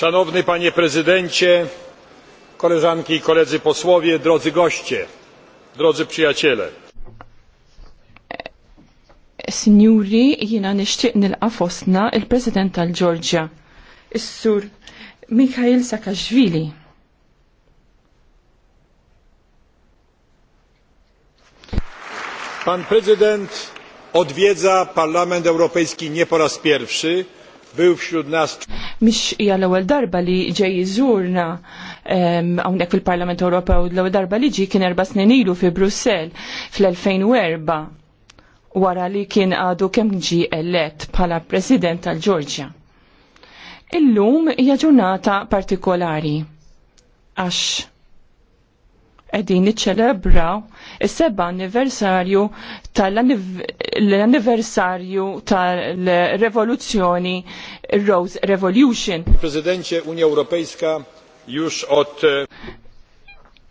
Szanowny panie prezydencie, koleżanki i koledzy posłowie, drodzy goście, drodzy przyjaciele. Signuri, jina nishtiq nilqa fostna il-President tal georgia is-Sur Mikhail Saakashvili. Pan prezydent odwiedza Parlament Europejski nie po raz pierwszy był nas. Mish hija l-ewwel darba li ġej iżurna hawnhekk fil-Parlament Ewropew l-ewwel darba li ġi kien erba' snin ilu fi Brussell fl-2004 wara li kien għadu kemm ġi elett bħala President tal-Ġorġja. Illum hija ġurnata partikolari għax qegħdin iċċelebraw is-seba' anniversarju tal-anniversarju tal-revoluzzjoni Rose Revolution. Il-Presidenċe Unii Europejska już ot. E,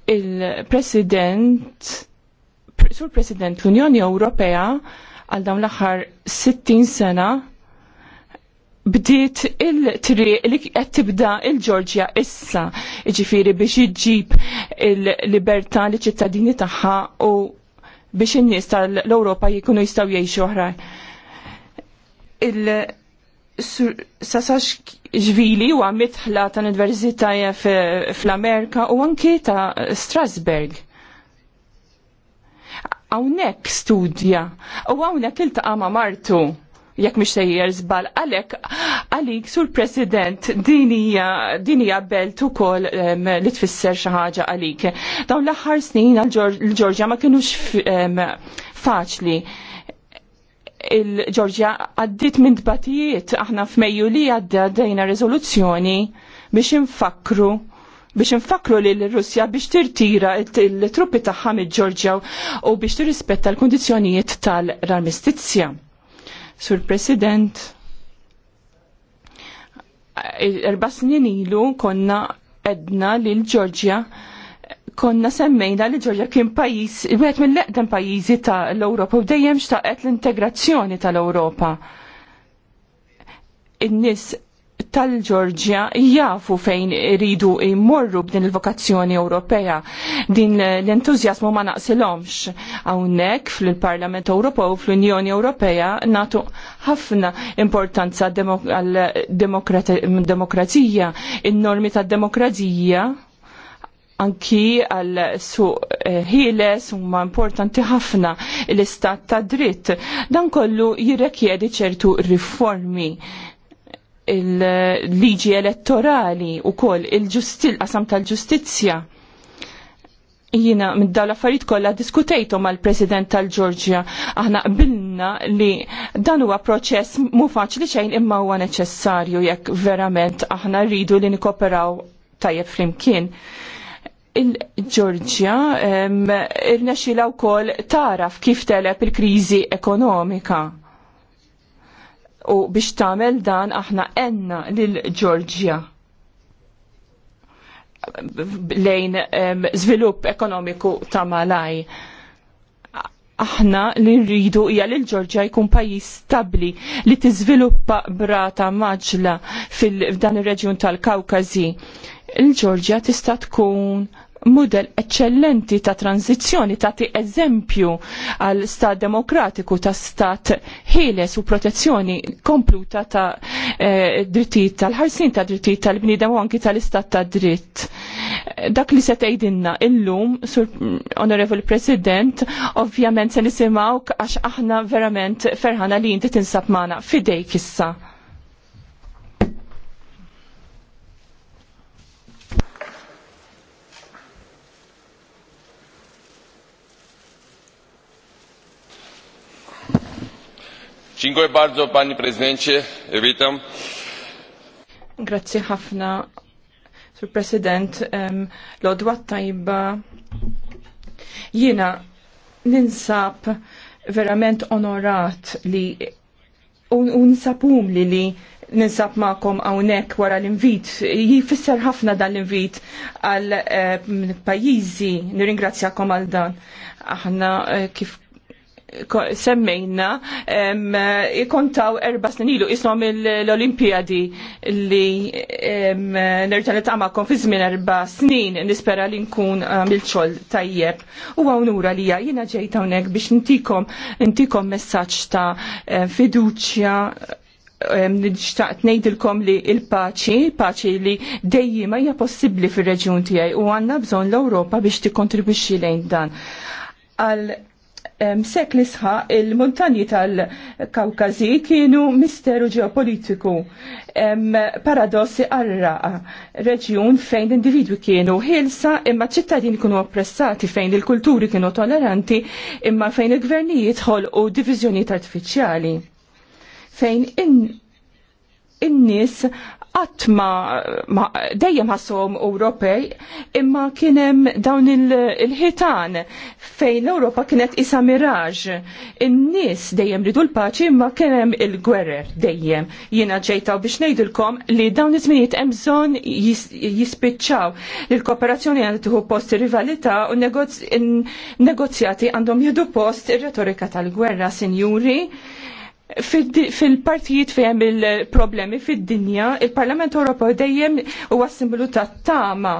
il-President Sur President l-Unjoni Ewropea għal dawn l-aħħar 60 sena bdiet il-triq li qed tibda il-Ġorġja issa, jiġifieri biex iġġib il-libertà li ċittadini tagħha u biex in-nies tal-Ewropa jkunu jistgħu jgħixu oħrajn. Il-Sasax ġvili huwa mitħla ta' università fl-Amerika u anki ta' Strasberg għawnek studja u għawnek il taqama martu jekk mhix sejjer żbal għalhekk għalik sur President din hija belt ukoll li tfisser xi ħaġa għalik. Dawn l-aħħar snin għal-Ġorġja ma kinux faċli il-ġorġja għaddit minn dbatijiet aħna f'Mejju li għadda dejna riżoluzzjoni biex infakru biex infakru li l-Russja biex tirtira il-truppi tagħha mill-Ġorġja u biex tirrispetta l-kundizzjonijiet tal-armistizja. Sur President, erba snin ilu konna edna li l konna semmejna li Georgia kien pajis, wieħed mill-eqdem pajjiżi ta' l-Ewropa u dejjem xtaqet l-integrazzjoni tal-Ewropa. In-nies tal-Ġorġja jafu fejn iridu jmorru b'din il-vokazzjoni Ewropea. Din l-entuzjasmu ma naqsilhomx. Hawnhekk fil-Parlament Ewropew fl-Unjoni Ewropea natu ħafna importanza għal-demokrazija, in-normi tad-demokrazija anki għal su eh, ħiles huma importanti ħafna l-istat ta' dritt. Dan kollu jirrekjedi ċertu riformi il-liġi elettorali u kol il-ġustil qasam tal-ġustizja. Jina minn dawn l-affarijiet kollha diskutejtu mal-President tal-Ġorġja aħna qbilna li dan huwa proċess mu faċli xejn imma huwa neċessarju jekk verament aħna rridu li nikoperaw tajjeb flimkien il-Ġorġja irnexxilha wkoll taraf kif telep il-kriżi ekonomika U biex tagħmel dan aħna enna lil Ġorġja lejn żvilupp ekonomiku ta' malaj aħna li rridu hija li l-Ġorġja jkun pajjiż stabbli li tiżviluppa brata maġla fil-dan ir-reġjun tal kawkazi Il-Ġorġja tista' tkun model eccellenti ta' tranzizjoni tagħti eżempju għal stat demokratiku ta' stat ħieles u protezzjoni kompluta ta' eh, drittijiet tal-ħarsin ta' drittijiet tal-bniedem u anki tal-istat ta' dritt. Eh, dak li se tgħidilna illum, sur mm, Onorevoli President, ovvjament se nisimgħu għax aħna verament ferħana li inti tinsab magħna fidejk issa. Dziękuję bardzo, prezydencie. Witam. Grazie ħafna, sur president. Um, Lodwa tajba. Jina ninsab verament onorat li unsapum li li ninsab ma'kom għawnek wara l-invit. Jifisser ħafna dan l-invit għal eh, pajizi, nirringrazzjakom għal dan. Aħna eh, kif semmejna ikontaw erba snin ilu ishom l-Olimpijadi li nerġa li fi żmien erba snin nispera li nkun eh, mil xogħol tajjeb. U għawnura li jina ġejta unek biex ntikom ntikom messaċ ta' eh, fiduċja nixtaqt nejdilkom li il-paċi, paċi li dejjima hija possibbli fir-reġjun tiegħi u għandna bżonn l-Ewropa biex tikkontribwixxi lejn dan. Għal M'sek lisħa il-montanji tal-Kawkazi kienu misteru ġeopolitiku. Paradossi għarra reġjun fejn individwi kienu ħilsa imma ċittadini kienu oppressati fejn il-kulturi kienu toleranti imma fejn il-gvernijiet ħolqu divizjoni artifiċjali. Fejn in in-nies ma dejjem ħassom Ewropej imma kienem dawn il-ħitan fejn l-Ewropa kienet isa miraġ. In-nies dejjem ridu l-paċi imma kienem il-gwerer dejjem. Jiena ġejtaw biex ngħidilkom li dawn iż-żminijiet hemm bżonn jispiċċaw li l-kooperazzjoni għandha tieħu post rivalità u negozjati għandhom jieħdu post ir-retorika tal-gwerra, sinjuri fil-partijiet fejn il-problemi fid-dinja, il-Parlament Ewropew dejjem huwa simbolu ta' tama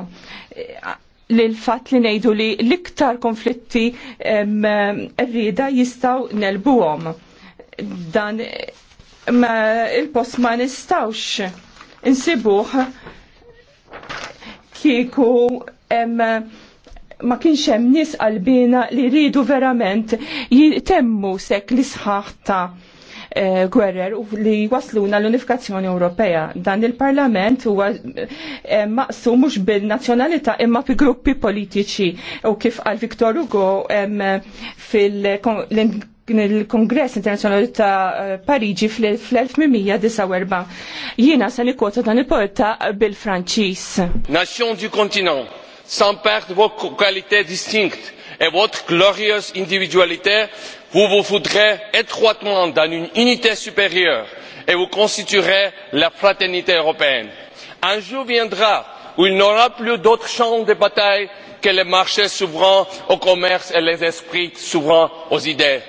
eh, li l-fat li nejdu li l-iktar konflitti rrida jistaw nelbuhom. Dan il-post ma nistawx insibuħ kieku ma kienx hemm nies qalbina li jridu verament jitemmu sek l-isħaħ ta' Eh, Gwerrer u li wasluna l-Unifikazzjoni Ewropea. Dan il-Parlament huwa eh, maqsum mhux bil-nazzjonalità imma bi gruppi politiċi u kif għal Viktor Hugo fil- il-Kongress Internazzjonali ta' Pariġi fl-1849. Jiena se nikota dan il-poeta bil-Franċiż. Nation du continent, sans perdre vos qualités distinctes et votre glorieuse individualité vous vous voudrez étroitement dans une unité supérieure et vous constituerez la fraternité européenne. Un jour viendra où il n'y aura plus d'autre champ de bataille que les marchés souverains au commerce et les esprits souverains aux idées.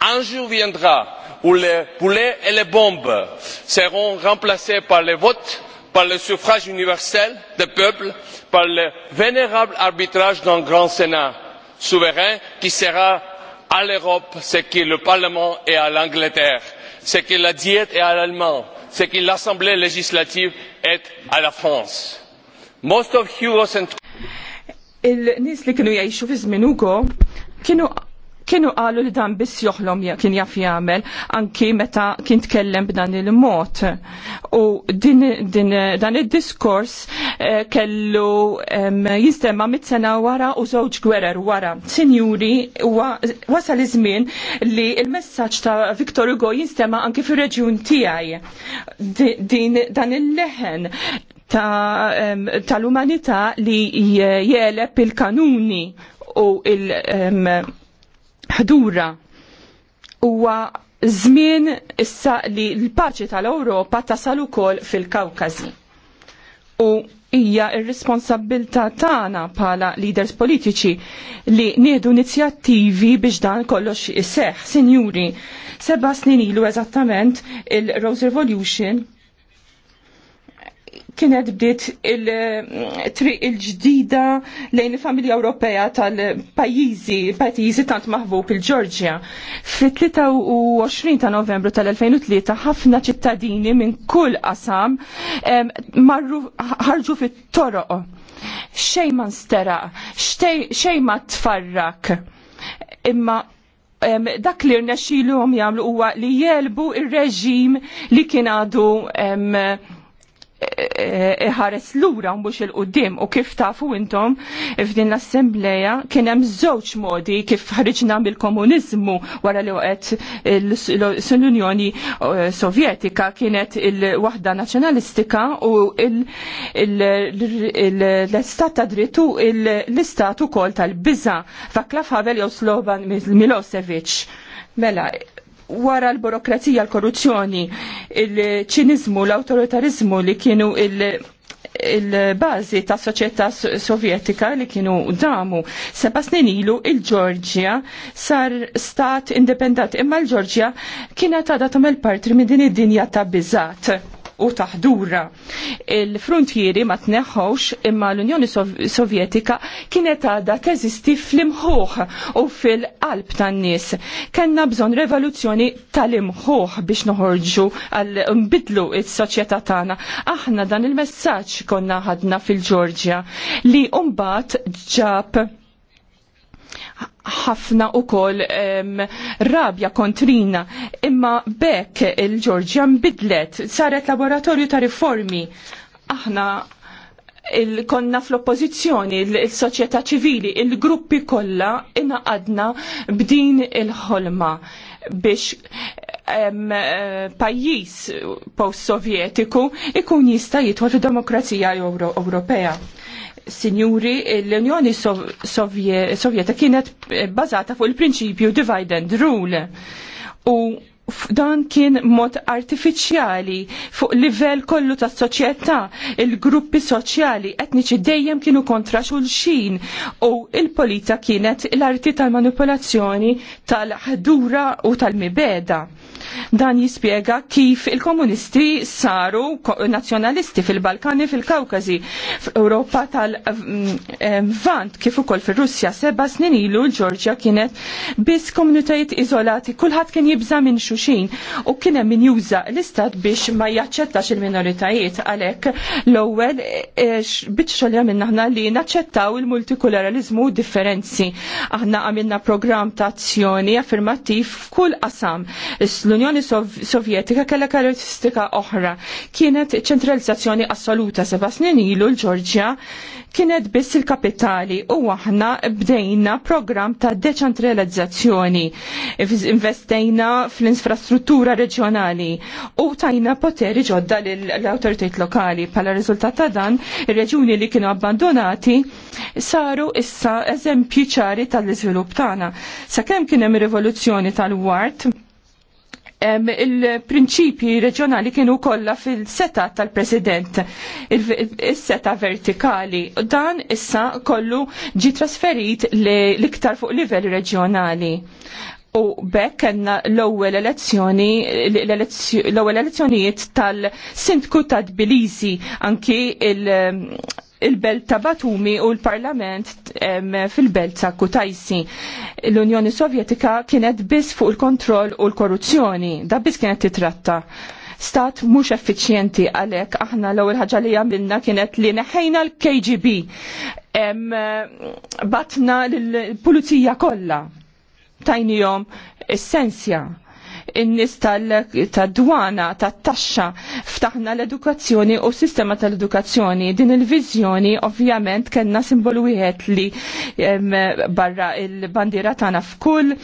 Un jour viendra où les poulets et les bombes seront remplacés par le vote, par le suffrage universel des peuples, par le vénérable arbitrage d'un grand Sénat souverain qui sera à l'Europe ce que le Parlement est à l'Angleterre, ce que la Diète est à l'Allemagne, ce que l'Assemblée législative est à la France. Most of Hugo's il-nis li kienu jgħixu fi żmien ukoll kienu kienu qalu li dan biss joħlom kien jaf jagħmel anki meta kien tkellem b'dan il-mod. U din, din, dan id-diskors eh, kellu eh, jistema mit-sena wara u żewġ gwerer wara. Sinjuri, wa, wasal iż-żmien li il-messaġġ ta' Viktor Hugo jinstema anki fir-reġjun tiegħi. Din dan il-leħen tal-umanità ta li jeleb il-kanuni u il- um, ħdura huwa żmien issa li l-paċi tal-Ewropa tasal ukoll fil-Kawkażi. U hija r-responsabilità tagħna bħala leaders politiċi li nieħdu inizjattivi biex dan kollox iseħħ. Sinjuri, seba' snin ilu eżattament il-Rose Revolution kienet bdiet il-triq eh, il-ġdida lejn il-familja Ewropea tal-pajjiżi, pajjiżi tant maħbub il-Ġorġja. Fit-23 ta' Novembru tal-2003 ħafna ċittadini minn kull qasam marru ħarġu fit-toroq. Xejn ma nsteraq, xejn ma tfarrak. Imma dak li rnexxilhom jagħmlu huwa li jelbu ir-reġim li kien għadu iħares lura mhux il-qudiem u kif tafu intom f'din l-assembleja kien hemm żewġ modi kif ħriġna mill-komuniżmu wara li waqgħet l-Unjoni eh, Sovjetika kienet il-waħda nazzjonalistika u l-istat ta' drittu l-istat ukoll tal-biża' faklaf ħabel jew Slovan Milosevic. Mela, wara l-burokrazija, l-korruzzjoni, il-ċinizmu, l-autoritarizmu li kienu il- il-bazi ta' soċjetà sovjetika li kienu damu. Seba snin ilu il-Ġorġja sar stat indipendent imma l-Ġorġja kienet għadha tagħmel partri minn din id-dinja ta' biżat u taħdura. Il-frontieri ma tneħħawx imma l-Unjoni Sovjetika kienet għadha teżisti fl-imħuħ u fil-qalb tan-nies. Kenna bżonn revoluzzjoni tal-imħuħ biex noħorġu għal nbidlu s-soċjetà tagħna. Aħna dan il-messaġġ konna ħadna fil-Ġorġja li mbagħad ġab ħafna u koll rabja kontrina. Imma bekk il-Ġorġja mbidlet, saret laboratorju ta' riformi. Aħna konna fl-oppozizjoni, il-soċjetà ċivili, il-gruppi kollha inaqadna b'din il-ħolma biex um, pajjiż post-sovjetiku ikun jista' jitwa demokrazija Ewropea. Euro Sinjuri, l-Unjoni Sovjeta kienet bbażata fuq il-prinċipju divide and rule. U dan kien mod artifiċjali fuq livell kollu ta' soċjetà il-gruppi soċjali etniċi dejjem kienu kontra xulxin u il-polita kienet l-arti tal-manipolazzjoni tal-ħdura u tal-mibeda. Dan jispiega kif il-komunisti saru nazjonalisti fil-Balkani, fil-Kawkazi, f'Europa tal-Vant, kif ukoll fil-Russja, seba snin ilu l-Ġorġja kienet biss komunitajiet izolati, kulħadd kien jibża minn xu xulxin u kien hemm min juża l-istat biex ma jaċċettax il-minoritajiet għalhekk l-ewwel biex xolja minn aħna li naċċettaw il-multikulturalizmu u differenzi. Aħna għamilna programm ta' azzjoni affermattiv f'kull qasam. L-Unjoni Sovjetika kellha karakteristika oħra. Kienet ċentralizzazzjoni assoluta seba' snin ilu l-Ġorġja kienet biss il-kapitali u aħna bdejna program ta' deċentralizzazzjoni. Investejna fl-infrastruttura infrastruttura reġjonali u tajna poteri ġodda l-autoritet lokali. Pala riżultat ta' dan, ir reġjuni li kienu abbandonati saru issa eżempji ċari tal-iżvilupp tagħna. Sakemm kien hemm rivoluzzjoni tal-wart, il-prinċipji reġjonali kienu kollha fil-seta tal-President, il-seta vertikali. Dan issa kollu ġi trasferit l-iktar fuq livell reġjonali u bekk kena l-ewwel elezzjoni l-ewwel elezzjonijiet tal-Sindku ta' Tbilisi anki il-Belt ta' Batumi u l-Parlament fil-Belt ta' Kutajsi. L-Unjoni Sovjetika kienet biss fuq il-kontroll u l-korruzzjoni, da biss kienet titratta stat mhux effiċjenti għalhekk aħna l-ewwel ħaġa li għamilna kienet li neħejna l-KGB batna l-pulizija kollha tajnijom essenzja in-nies tad-dwana, tat-taxxa, ftaħna l-edukazzjoni u s-sistema tal-edukazzjoni. Din il-viżjoni ovvjament kellna simbolu wieħed li barra il-bandiera tagħna f'kull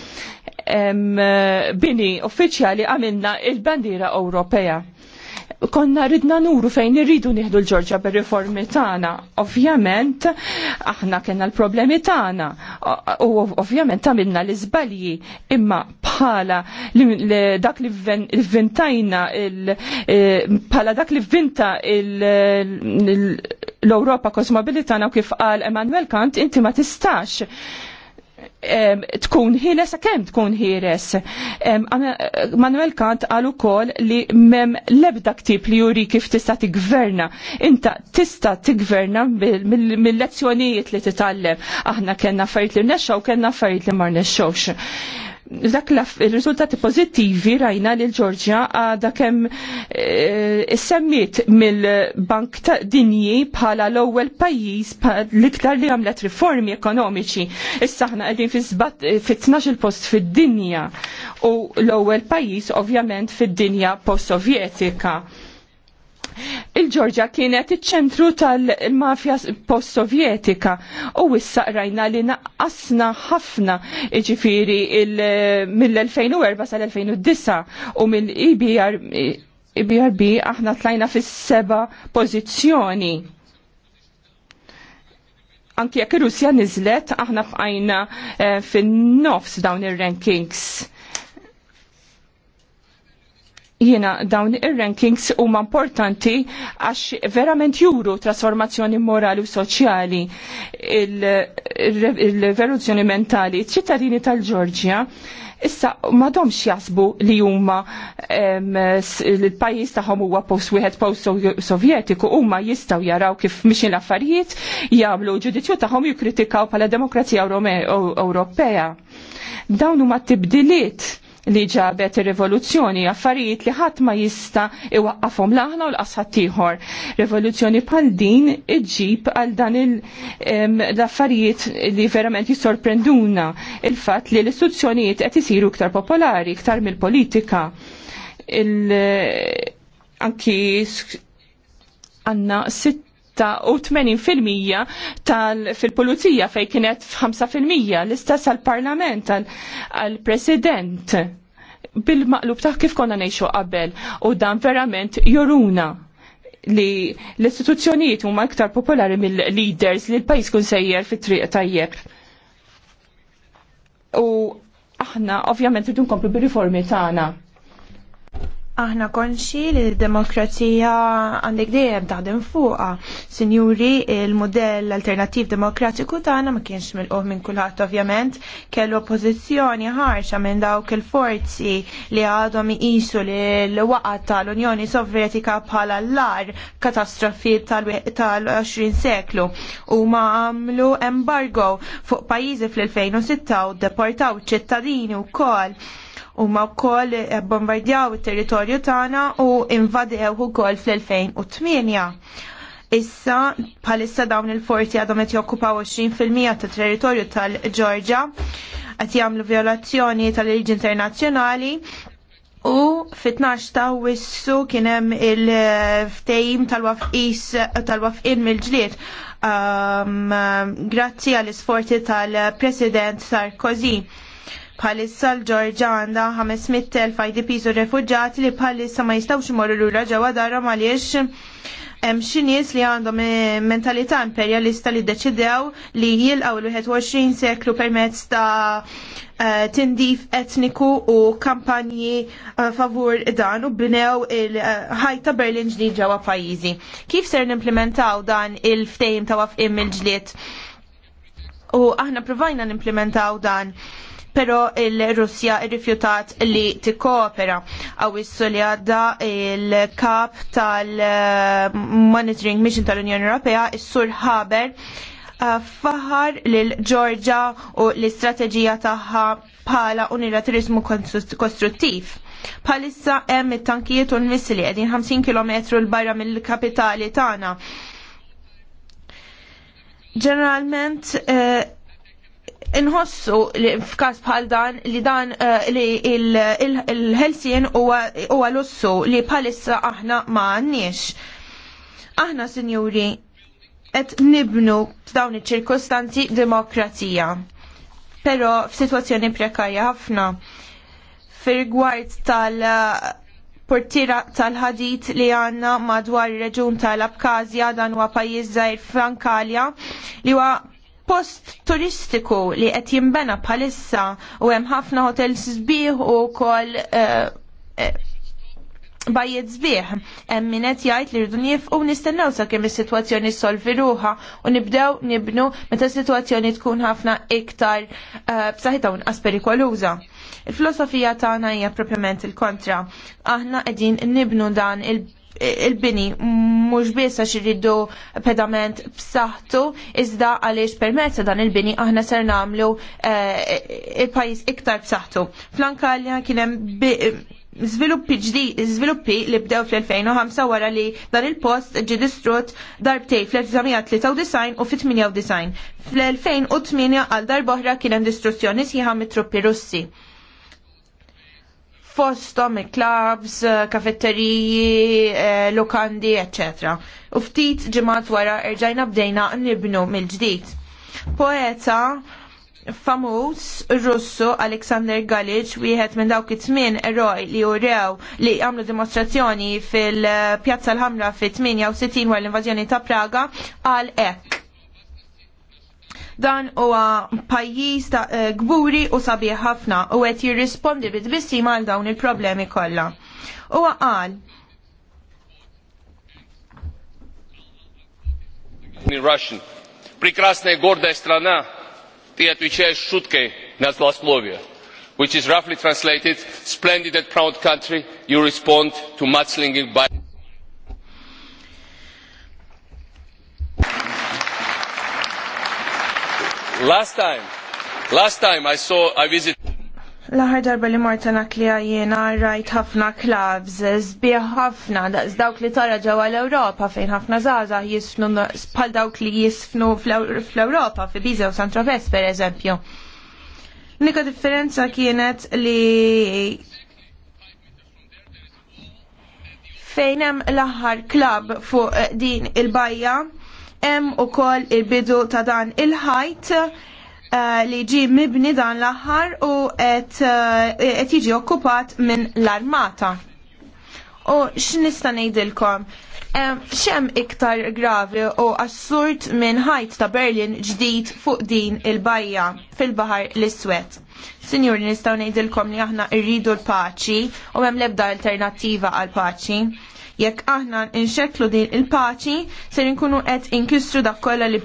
bini uffiċjali għamilna il-bandiera Ewropea konna ridna nuru fejn irridu nieħdu l-ġorġa bir-riformi tagħna. Ovvjament aħna kellna l-problemi tagħna u ovvjament għamilna l-iżbalji imma bħala dak li vvintajna e, bħala dak li vvinta l-Ewropa kosmobilitana u kif qal Emanuel Kant inti ma tistax tkun ħieles kemm tkun ħieles. Manuel Kant għal ukoll li mem lebda ktib li juri kif tista' tigverna. Inta tista' tigverna mill-lezzjonijiet li titgħallem. Aħna kellna fajt li nexxaw kellna fajt li ma nexxawx dak il-riżultati pozittivi rajna li l-Ġorġja għada kemm eh, semmiet mill-Bank ta' Dinji bħala l-ewwel pajjiż l-iktar li għamlet riformi ekonomiċi. Issa aħna qegħdin fit-12 post fid-dinja u l-ewwel pajjiż ovvjament fid-dinja post-sovjetika Il-Ġorġa kienet iċ-ċentru tal-mafja post-sovjetika u issa rajna li naqqasna ħafna ġifiri mill-2004 sal-2009 u mill-IBRB e aħna tlajna fis seba pozizjoni. Anki jekk Russja niżlet aħna bqajna eh, fin-nofs dawn ir-rankings Jiena dawn ir-rankings huma importanti għax verament juru trasformazzjoni morali u soċjali il-revoluzzjoni il mentali. ċittadini tal-Ġorġja issa domx jasbu li huma il-pajjiż tagħhom huwa post wieħed post sovjetiku huma jistgħu jaraw kif mixi l-affarijiet jagħmlu ġudizzju tagħhom jikkritikaw bħala demokrazija Ewropea. Dawn huma tibdiliet li ġabet ir-rivoluzzjoni, affarijiet li ħadd ma jista' iwaqqafhom l-aħna u l-qasħat tieħor. Rivoluzzjoni bħal din iġġib għal dan l-affarijiet li verament jisorprenduna il-fatt li l-istituzzjonijiet qed isiru iktar popolari, iktar mill-politika. Eh, anki għanna sitt Ta' 80% tal fil-pulizija fej kienet 5% l-istess għal-parlament għal-president bil-maqlub ta' kif konna nejxu qabel u dan verament juruna li l-istituzzjonijiet huma iktar popolari mill-leaders li l-pajis kun sejjer fit-triq tajjeb. U aħna ovvjament rridu nkomplu bir-riformi tagħna Aħna konxi li l demokrazija għandek dejjem taħdem fuqa. Sinjuri, il-modell alternativ demokratiku tagħna ma kienx milquh minn kulħadd ovvjament, kellu oppożizzjoni ħarxa minn dawk il-forzi li għadhom iqisu li l-waqgħat tal-Unjoni Sovjetika bħala l-lar katastrofi tal-20 seklu u ma għamlu embargo fuq pajjiżi fl-2006 u deportaw ċittadini wkoll huma wkoll bombardjaw it-territorju tagħna u invadew ukoll fl-2008. Issa bħalissa dawn il forzi għadhom qed jokkupaw 20% tat-territorju tal ġorġja qed jagħmlu violazzjoni tal-liġi internazzjonali U fit-12 ta' wissu kien hemm il-ftejim tal-wafqis tal-wafqin mill-ġlied. Um, grazzi għall isforzi tal-President Sarkozy. Bħalissa l-Ġorġa għandha 500.000 IDPs u refugġati li bħalissa ma jistawx imorru lura ġewwa darhom għaliex hemm xi nies li għandhom eh, mentalità imperjalista li ddeċidew li jilqgħu l-21 seklu permezz ta' eh, tindif etniku u kampanji eh, favur dan u bnew il-ħajta Berlin ġdid ġewwa pajjiżi. Kif ser nimplementaw dan il-ftejm ta' wafqim il-ġlied? U aħna provajna nimplementaw dan pero il-Russja rifjutat li tikkoopera. Awissu li għadda il-kap tal-Monitoring Mission tal-Unjoni Ewropea, is-Sur Haber, uh, faħar lil Georgia u l-istrateġija tagħha bħala unilaterizmu kostruttiv. Palissa hemm it-tankijiet u l-missili qegħdin 50 km l-barra mill-kapitali tagħna. Ġeneralment eh, inħossu li f'każ bħal dan li dan eh, li il-ħelsien huwa lussu li bħalissa aħna ma għandniex. Aħna sinjuri qed nibnu f'dawn iċ-ċirkostanzi demokrazija. Però f'sitwazzjoni prekarja ħafna. Fir-rigward tal- portira tal-ħadit li għanna madwar ir reġun tal-Abkazja dan huwa pajjiż żgħir Frankalja li huwa post turistiku li qed jinbena bħalissa u hemm ħafna hotels sbieħ u wkoll uh, uh, hemm min qed jgħid li rridu nifqu nistennew sakemm is-sitwazzjoni solvi ruha u nibdew nibnu meta s-sitwazzjoni tkun ħafna iktar eh, b'saħħitha u nqas perikoluża. Il-filosofija tagħna hija propjament il-kontra. Aħna qegħdin nibnu dan il- il-bini mhux biss għax irridu pedament b'saħħtu iżda għaliex permezz dan il-bini aħna ser nagħmlu eh, il-pajjiż iktar b'saħħtu. Fl-Ankalja kien hemm Zviluppi ġdi, zviluppi li bdew fl-2005 wara li dan il-post ġi distrut darbtej fl-1993 u fit-98. Fl-2008 għal darboħra kien hemm distruzzjoni sħiħa mit-truppi Russi fostom il-klabs, kafetteriji, eh, eh, lokandi, etc. U ftit ġimgħat wara rġajna bdejna nibnu mill-ġdid. Poeta famuż Russu Alexander Galic wieħed minn dawk it-tmien eroj li urew li għamlu dimostrazzjoni fil-Pjazza eh, l-Ħamra fit-68 wara l-invażjoni ta' Praga għal ek Dan huwa pajjiż ta' eh, gburi u sabiħ ħafna u qed jirrispondi bit-tbissi mal dawn il-problemi kollha. Huwa qal in Russian. Прекрасная гордая страна, ты отвечаешь шуткой на злословие, which is roughly translated, splendid and proud country, you respond to mudslinging by... Last time, last time I saw, I visited. L-aħħar darba li marta għana klija jiena rajt ħafna klabs, sbieħ ħafna, dawk li tara ġewwa l-Ewropa fejn ħafna zaza jisfnu bħal dawk li jisfnu fl-Ewropa fi Biza u Santrovest per eżempju. Nika differenza kienet li fejnem l klab fuq eh, din il-bajja Hemm ukoll il-bidu ta' dan il-ħajt eh, li ġi mibni dan l-aħħar u eh, qed jiġi okkupat minn l-armata. U x'nista' ngħidilkom? Xem iktar gravi u assurd minn ħajt ta' Berlin ġdid fuq din il-bajja fil-Bahar l-Iswed. Sinjur, nistaw ngħidilkom li aħna rridu l-paċi u hemm l-ebda alternattiva għal-paċi. Jekk aħna nxeklu din il-paċi, ser nkunu qed inkissru dak kollha li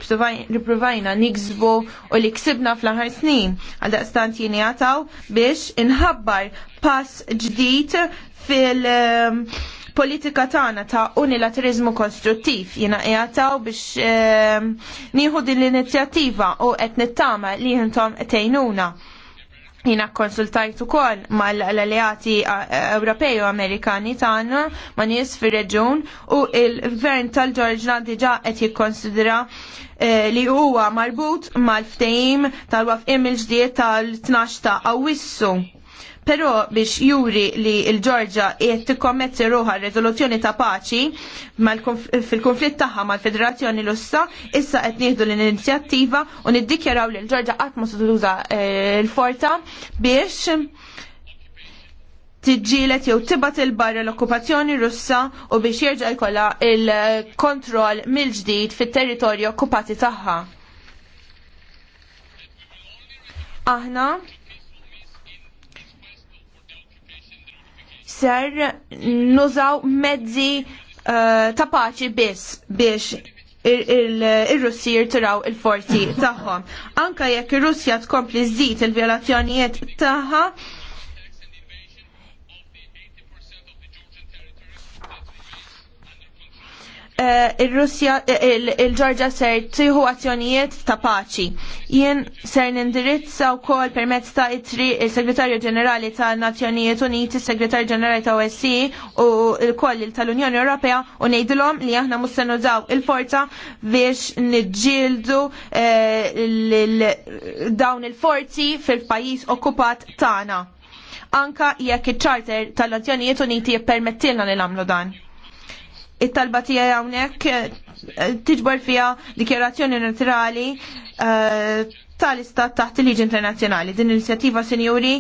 provajna niksbu u li ksibna fl-aħħar snin. Għal daqstant jien jataw biex inħabbar pass ġdid fil- ehm, politika tagħna ta' unilaterizmu konstruttiv jiena jataw biex eh, nieħu din l-inizjattiva u qed nittama li jintom tejnuna. Jina konsultajtu kol mal-alleati Ewropej u Amerikani tagħna ma' nies fir-reġun u il-gvern tal-Ġorġna diġà qed jikkonsidra eh, li huwa marbut mal-ftehim tal-wafqim il-ġdiet tal-12 ta' Awwissu Però biex juri li l-Ġorġa qed tikkommetti ruħa r-rezoluzzjoni ta' paċi fil-konflitt tagħha mal-Federazzjoni Russa, issa qed nieħdu l-inizjattiva u niddikjaraw li l-Ġorġa qatt ma tuża eh, l forza biex tiġġielet jew tibat il-barra l-okkupazzjoni Russa u biex jerġa' jkollha il-kontroll mill-ġdid fit-territorju okkupati tagħha. Aħna ser nużaw mezzi uh, ta' paċi biss biex ir-Russi jirtiraw il-forzi tagħhom. Anka jekk ir-Russja tkompli żżid il violazzjonijiet tagħha, Eh, il-Russja, il-Ġorġa ser tiħu azzjonijiet ta' paċi. Jien ser nindirizza u kol permezz ta' itri il-Segretarju Ġenerali ta' Nazzjonijiet Uniti, il-Segretarju Ġenerali ta' OSI u l-koll tal-Unjoni Ewropea u nejdilom li aħna mussenu daw il-forza biex nġildu eh, dawn il-forzi fil-pajis okkupat tana. Anka jekk il-ċarter tal-Nazzjonijiet Uniti jippermettilna li namlu dan it-talba tiegħi hawnhekk eh, tiġbor fiha dikjarazzjoni naturali eh, tal-istat taħt il-liġi internazzjonali. Din inizjattiva sinjuri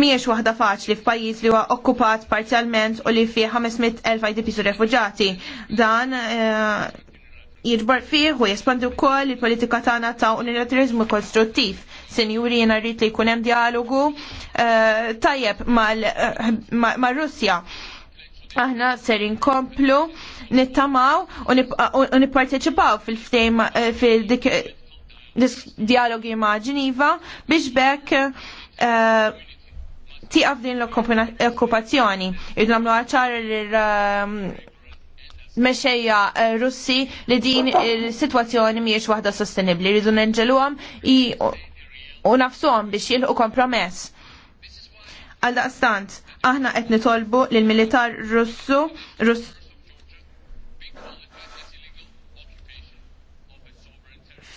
miex waħda faċli f'pajjiż li huwa okkupat parzjalment u li fih 500,000 IDP su refuġati. Dan eh, jiġbor fih u jespandi wkoll il-politika tagħna ta' unilateralizmu konstruttiv. Senjuri jiena rrid li jkun hemm dialogu tajjeb mal-Russja. russja aħna ser inkomplu nittamaw u nipparteċipaw fil-ftejm eh, fil-dialogi ma' Ġiniva biex bekk eh, tiqaf din l-okkupazzjoni. Id-namlu għacħar ehm, meċeja eh, russi li din il-situazzjoni miex wahda sostenibli. Ridu nġeluħam i u nafsuħam biex jilħu kompromess Għal daqstant, aħna qed nitolbu lil militar Russu Russ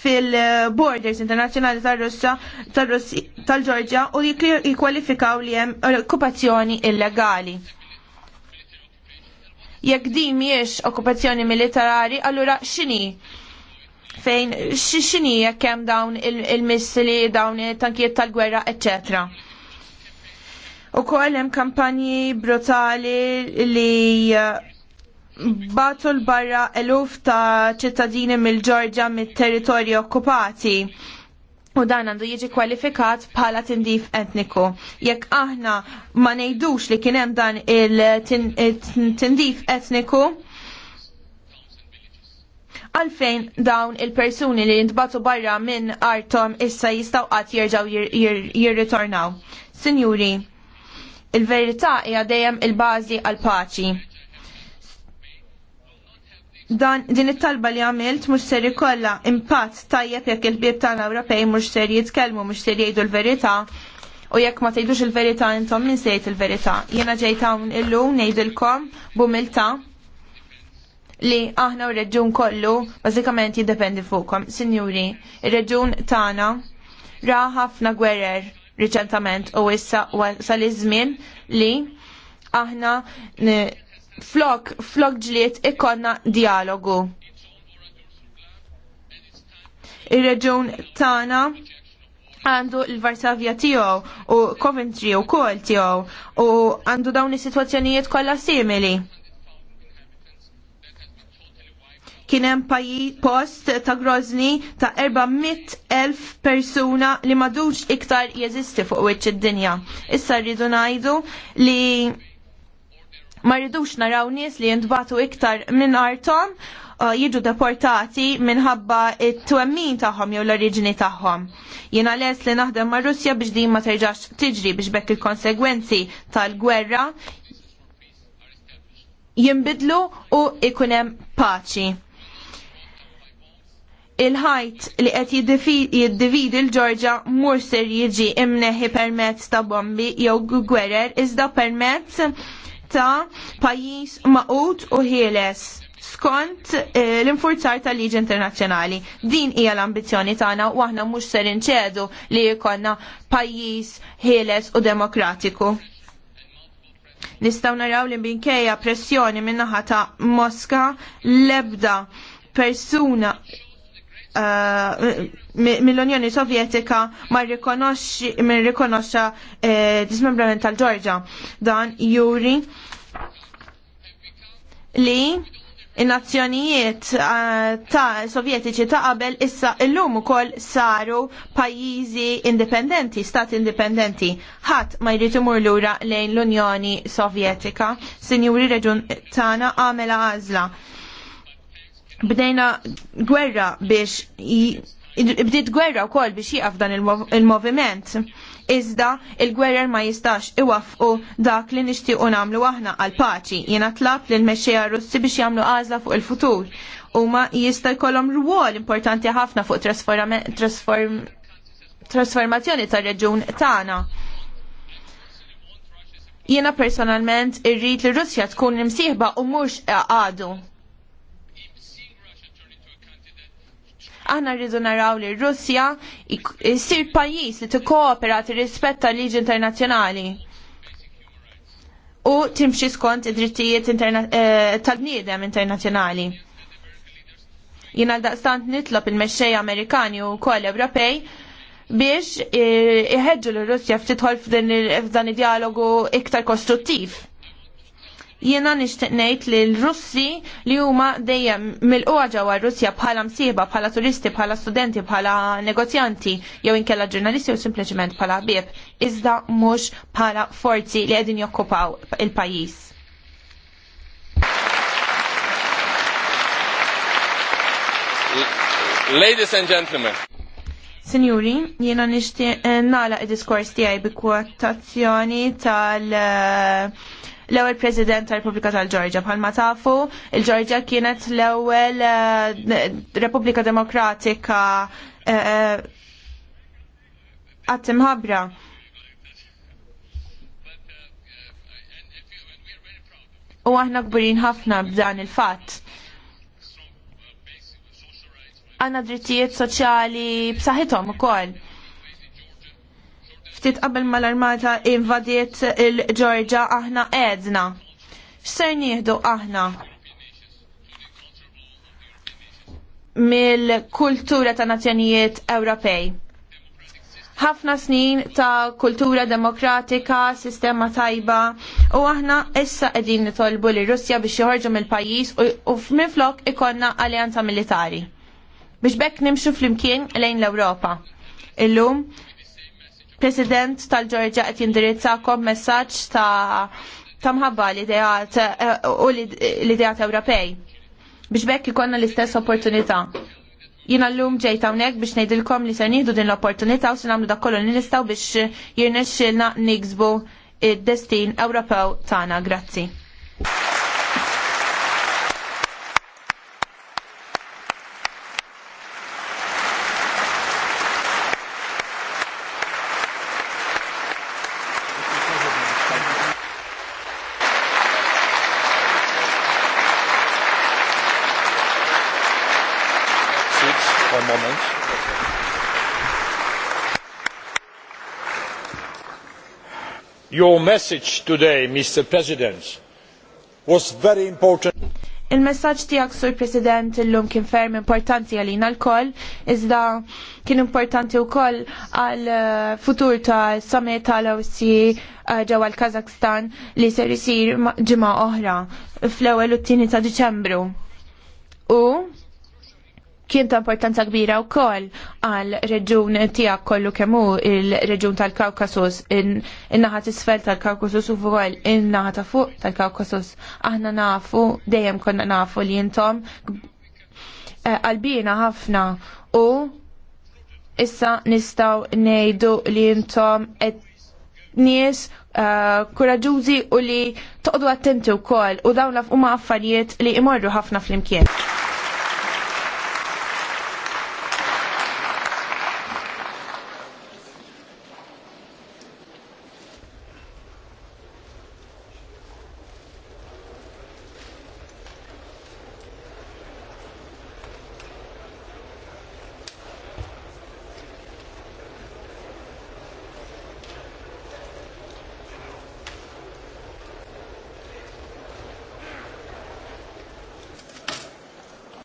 fil-borders internazzjonali tar-Russja tal-Ġorġja u jikkwalifikaw li hemm okkupazzjoni illegali. Jekk din mhijiex okkupazzjoni militari, allura x'inhi? Fejn x'inhi jekk hemm dawn il-missili, dawn it-tankijiet tal-gwerra, eccetera? U koll hemm kampanji brutali li eh, batu l-barra eluf ta' ċittadini mill-ġorġa mit-territorji okkupati u dan għandu jiġi kwalifikat bħala tindif etniku. Jekk aħna ma nejdux li kienem dan il-tindif etniku, għalfejn dawn il-persuni li jintbatu barra minn artom issa jistaw għat jirġaw jirritornaw. Sinjuri, il-verità hija dejjem il-bażi għal paċi. Dan din it-talba li għamilt mhux ser ikollha impatt tajjeb jekk il-bieb tagħna Ewropej mhux ser jitkellmu mhux ser jgħidu l-verità u jekk ma tgħidux il-verità intom min se jgħid il-verità. Jiena ġejt hawn illum ngħidilkom b'umiltà li aħna u reġun kollu bażikament jiddependi fuqhom. Sinjuri, ir-reġun tagħna ra ħafna gwerer riċentament u issa wasal iż-żmien li aħna flok flok ġliet ikonna dialogu. Ir-reġun tagħna għandu l-Varsavja tiegħu u Coventry u kol tiegħu u għandu dawn is-sitwazzjonijiet kollha simili. kien hemm post ta' grozni ta' 400,000 persuna li madux iktar jeżisti fuq wiċċ id-dinja. Issa rridu ngħidu li ma rridux naraw nies li jintbatu iktar minn artom uh, jiġu deportati minħabba it-twemmin tagħhom jew l-oriġini tagħhom. Jiena les li naħdem ma' Russja biex din ma terġax tiġri biex bekk il-konsegwenzi tal-gwerra jinbidlu u ikunem hemm paċi il-ħajt li qed jiddividi l-Ġorġa mur ser jiġi imneħi permezz ta' bombi jew gwerer iżda permezz ta' pajjiż maqut u ħieles skont eh, l-infurzar tal-liġi internazzjonali. Din hija l-ambizzjoni tagħna u aħna mhux ser inċedu li jkollna pajjiż ħieles u demokratiku. Nistgħu naraw li minkejja pressjoni min-naħa ta' Moska l-ebda persuna Eh, mill-Unjoni Sovjetika ma rikonoxxa eh, dismembrament tal-Ġorġa. Dan juri li in-nazzjonijiet eh, ta' sovjetiċi ta' qabel issa illum ukoll saru pajjiżi indipendenti, stat indipendenti. Ħadd ma jrid imur lura lejn l-Unjoni Sovjetika. Sinjuri Reġun tagħna għamela għażla bdejna gwerra biex bdiet gwerra wkoll biex jieqaf dan il-moviment. Iżda il-gwerra ma jistax iwafqu dak li nixtiequ nagħmlu aħna għal paċi. Jiena tlab l mexxejja Russi biex jagħmlu għażla fuq il-futur. Huma jista' jkollhom rwol importanti ħafna fuq trasformazzjoni tar-reġun tagħna. Jiena personalment irrid li Russja tkun imsieħba u mhux għadu Aħna rridu naraw li russja ssir pajjiż li tikkoopera tirrispetta l-liġi internazzjonali u timxi skont id-drittijiet eh, tal-bniedem internazzjonali. Jien l daqstant nitlob il-mexxej Amerikani u koll Ewropej biex eh, iħedġu l-Russja ftitħol f'dan id-dialogu iktar kostruttiv Jiena nixtieq ngħid li l-Russi li huma dejjem mill-qwa ġewwa Russja bħala msieba, bħala turisti, bħala studenti, bħala negozjanti, jew inkella ġurnalisti jew sempliċement bħala ħbieb, iżda mhux bħala forzi li qegħdin jokkupaw il-pajjiż. Ladies and gentlemen, Sinjuri, jiena nishtiq eh, nala id-diskors tijaj bi kwotazzjoni tal- l-ewwel President tal Repubblika tal-Ġorġja. Bħalma tafu, il-Ġorġja kienet l-ewwel eh, Repubblika Demokratika eh, eh, għattim ħabra. U aħna kburin ħafna b'dan il-fatt għanna drittijiet soċjali u koll ftit qabel mal-armata invadiet il-Ġorġa aħna edna. X'ser nieħdu aħna? mill-kultura ta' nazzjonijiet Ewropej. Ħafna snin ta' kultura demokratika, sistema tajba, u aħna issa qegħdin nitolbu li Russja biex joħorġu mill-pajjiż u minflok ikonna alleanza militari. Biex bekk nimxu flimkien lejn l-Ewropa. Illum President tal-Ġorġa qed jindirizzakom messaġġ ta' tamħabba l-idejat eh, u l-idejat Ewropej biex bekk ikonna l-istess opportunità. Jina l-lum hawnhekk biex nejdilkom li se nieħdu din l-opportunità u se nagħmlu dak kollu li nistgħu biex jirnexxilna niksbu id-destin Ewropew tagħna. Grazzi. Your message today, Mr. President, was very important. Il-messaġġ tiegħek sur President illum kien ferm importanti għalina l-koll, iżda kien importanti wkoll għal eh, futur ta' summit tal-OSCE eh, ġewwa l-Kazakstan li ser isir ġimgħa oħra fl-ewwel u t-tieni ta' Diċembru kien ta' importanza kbira u koll għal reġun tijak kollu kemmu il-reġun tal-Kaukasus, in-naħa t-isfel tal-Kaukasus u fuq in-naħa ta' fuq tal-Kaukasus. Aħna nafu, dejjem konna nafu li jintom għalbina ħafna u issa nistaw nejdu li jintom nies kuraġuzi eh, kuraġużi u li toqdu attenti u kol u dawn huma affarijiet li imorru ħafna fl-imkien.